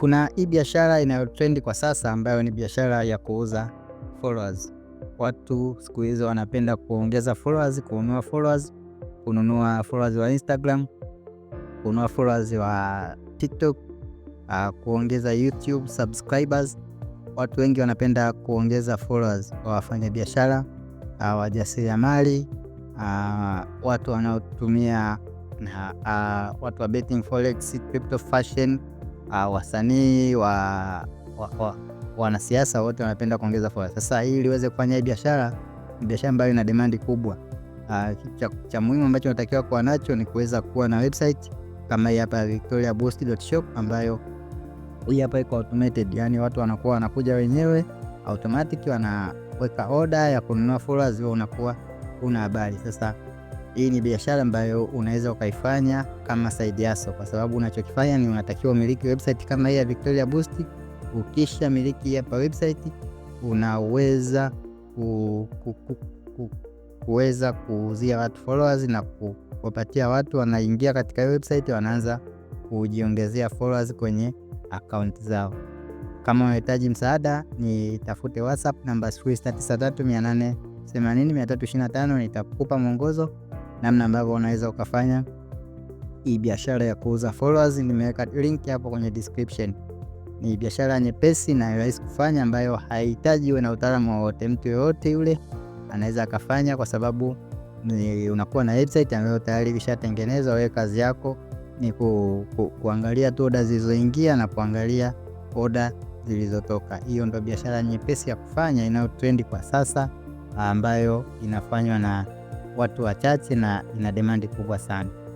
Kuna hii biashara inayotrendi kwa sasa ambayo ni biashara ya kuuza followers. Watu siku hizo wanapenda kuongeza followers, kununua followers, kununua followers wa Instagram, kununua followers wa TikTok, uh, kuongeza YouTube subscribers. Watu wengi wanapenda kuongeza followers wa wafanya biashara, uh, ah, wajasiriamali, uh, watu wanaotumia uh, uh, watu wa betting forex, crypto fashion uh, wasanii wa, wa, wa, wanasiasa wote wanapenda kuongeza fora. Sasa hii liweze kufanya hii biashara, biashara ambayo ina demandi kubwa uh, cha, cha muhimu ambacho unatakiwa kuwa nacho ni kuweza kuwa na website kama hii hapa victoriaboost.shop ambayo hii hapa iko automated, yani watu wanakuwa wanakuja wenyewe automatic wanaweka order ya kununua followers, wewe unakuwa una habari sasa hii ni biashara ambayo unaweza ukaifanya kama side hustle, kwa sababu unachokifanya ni unatakiwa umiliki website kama hii ya Victoria Boost. Ukisha miliki hapa website, unaweza ku, ku, ku, ku, kuweza kuuzia watu followers na kuwapatia watu, wanaingia katika website wanaanza kujiongezea followers kwenye account zao. Kama unahitaji msaada, nitafute WhatsApp namba 0693880325 nitakupa mwongozo namna ambavyo unaweza ukafanya hii biashara ya kuuza followers. Nimeweka link hapo kwenye description. Ni biashara nyepesi na rahisi kufanya ambayo haihitaji uwe na utaalamu wowote. Mtu yoyote yule anaweza akafanya, kwa sababu ni unakuwa na website ambayo tayari ilishatengenezwa. Wewe kazi yako ni ku, ku, kuangalia tu oda zilizoingia na kuangalia oda zilizotoka. Hiyo ndo biashara nyepesi ya kufanya inayotrend kwa sasa ambayo inafanywa na watu wachache na ina demandi kubwa sana.